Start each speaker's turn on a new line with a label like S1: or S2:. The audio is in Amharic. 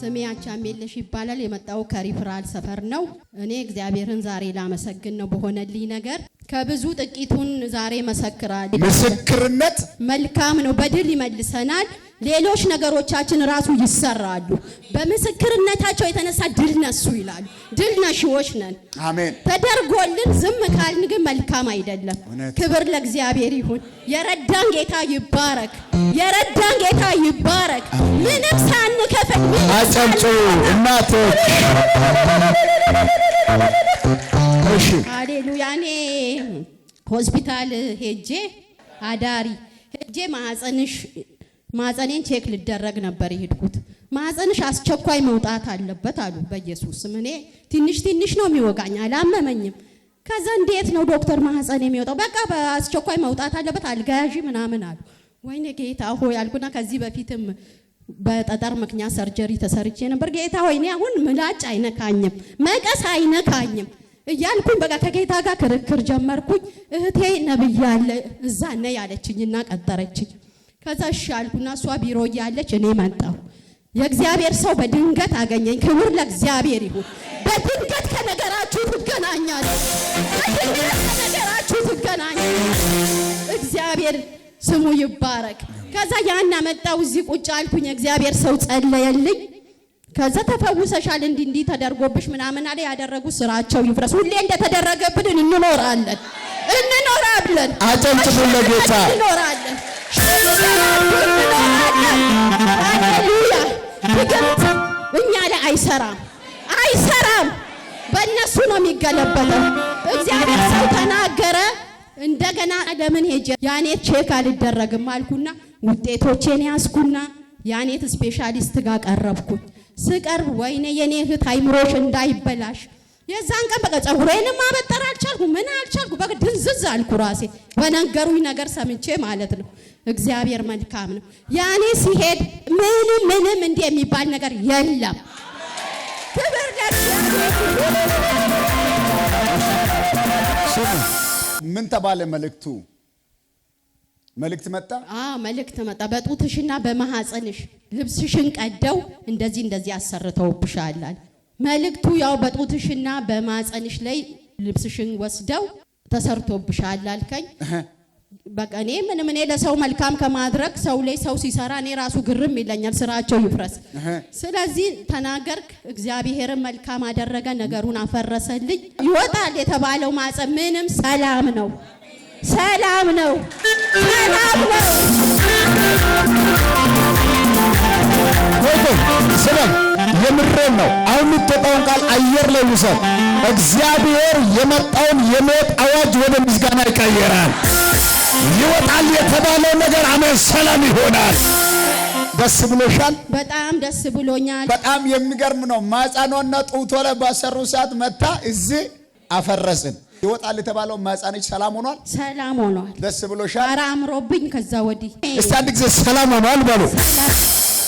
S1: ስሜ አቻሜለሽ ይባላል። የመጣው ከሪፍራል ሰፈር ነው። እኔ እግዚአብሔርን ዛሬ ላመሰግን ነው በሆነልኝ ነገር ከብዙ ጥቂቱን ዛሬ መሰክራል።
S2: ምስክርነት
S1: መልካም ነው፣ በድል ይመልሰናል። ሌሎች ነገሮቻችን ራሱ ይሰራሉ። በምስክርነታቸው የተነሳ ድል ነሱ ይላሉ። ድል ነሽዎች ነን። አሜን። ተደርጎልን ዝም ካልን ግን መልካም አይደለም። ክብር ለእግዚአብሔር ይሁን። የረዳን ጌታ ይባረክ። የረዳን ጌታ ይባረክ። ምንም ሳንከፍል
S2: አጨብጩ እናቶች።
S1: እሺ እኔ ሆስፒታል ሄጄ አዳሪ ሄጄ ማህፀንሽ ማህፀኔን ቼክ ልደረግ ነበር የሄድኩት። ማህፀንሽ አስቸኳይ መውጣት አለበት አሉ በኢየሱስ ስም። እኔ ትንሽ ትንሽ ነው የሚወጋኝ አላመመኝም። ከዛ እንዴት ነው ዶክተር ማህፀን የሚወጣው? በቃ በአስቸኳይ መውጣት አለበት አልጋዥ ምናምን አሉ። ወይኔ ጌታ ሆይ አልኩና ከዚህ በፊትም በጠጠር ምክንያት ሰርጀሪ ተሰርቼ ነበር። ጌታ ሆይ እኔ አሁን ምላጭ አይነካኝም፣ መቀስ አይነካኝም እያልኩኝ በቃ ከጌታ ጋር ክርክር ጀመርኩኝ። እህቴ ነብያለ እዛ ነ ያለችኝና ቀጠረችኝ። ከዛ እሺ አልኩና እሷ ቢሮ እያለች እኔ መጣሁ። የእግዚአብሔር ሰው በድንገት አገኘኝ። ክብር ለእግዚአብሔር ይሁን። ነገራችሁ ትገናኝ። እግዚአብሔር ስሙ ይባረክ። ከዛ ያን አመጣው እዚህ ቁጭ አልኩኝ። እግዚአብሔር ሰው ጸለየልኝ። ከዛ ተፈውሰሻል፣ እንዲህ እንዲህ ተደርጎብሽ ምናምን አለ። ያደረጉት ስራቸው ይፍረስ። ሁሌ እንደተደረገብን እንኖራለን እንኖራለን።
S2: አጨብጭቡ ለጌታ እንኖራለን።
S1: ሃሌሉያ። ድግምት እኛ ላይ አይሰራም አይሰራም፣ በእነሱ ነው የሚገለበተው። እግዚአብሔር ሰው ተናገረ። እንደገና ለምን ሄጄ ያኔት ቼክ አልደረግም አልኩና ውጤቶቼን ያዝኩና ያኔት ስፔሻሊስት ጋር ቀረብኩኝ። ስቀርብ ወይኔ የኔ እህት አይምሮሽ እንዳይበላሽ የዛን ቀን በቃ ጸጉሬንም ማበጠር አልቻልኩ፣ ምን አልቻልኩ። በቃ ድንዝዝ አልኩ ራሴ በነገሩኝ ነገር ሰምቼ ማለት ነው። እግዚአብሔር መልካም ነው። ያኔ ሲሄድ ምንም ምንም እንዲህ የሚባል ነገር የለም። ክብር ለእግዚአብሔር።
S2: ምን ተባለ መልእክቱ? መልእክት መጣ።
S1: አዎ መልእክት መጣ። በጡትሽና በማህፀንሽ ልብስሽን ቀደው እንደዚህ እንደዚህ አሰርተውብሻል። መልእክቱ ያው በጡትሽና በማህፀንሽ ላይ ልብስሽን ወስደው ተሰርቶብሻል አልከኝ። በቃ እኔ ምንም እኔ ለሰው መልካም ከማድረግ ሰው ላይ ሰው ሲሰራ እኔ ራሱ ግርም ይለኛል። ስራቸው ይፍረስ። ስለዚህ ተናገርክ፣ እግዚአብሔርን መልካም አደረገ፣ ነገሩን አፈረሰልኝ። ይወጣል የተባለው ማህፀን ምንም ሰላም ነው፣ ሰላም ነው፣ ሰላም ነው።
S2: ስለም የምሬን ነው። አሁን የምትወጣውን ቃል አየር ላይ ውሰድ። እግዚአብሔር የመጣውን የሞት አዋጅ ወደ ምስጋና ይቀየራል። ይወጣል የተባለው ነገር አሜን፣ ሰላም ይሆናል። ደስ ብሎሻል?
S1: በጣም ደስ ብሎኛል።
S2: በጣም የሚገርም ነው። ማጻኗና ጡቶ ላይ ባሰሩ ሰዓት መታ እዚህ አፈረስን። ይወጣል የተባለው ማጻነች ሰላም ሆኗል።
S1: ሰላም ሆኗል። ደስ ብሎሻል? ኧረ አምሮብኝ ከዛ ወዲህ
S2: እስቲ አንድ ጊዜ ሰላም ሆኗል በሉ።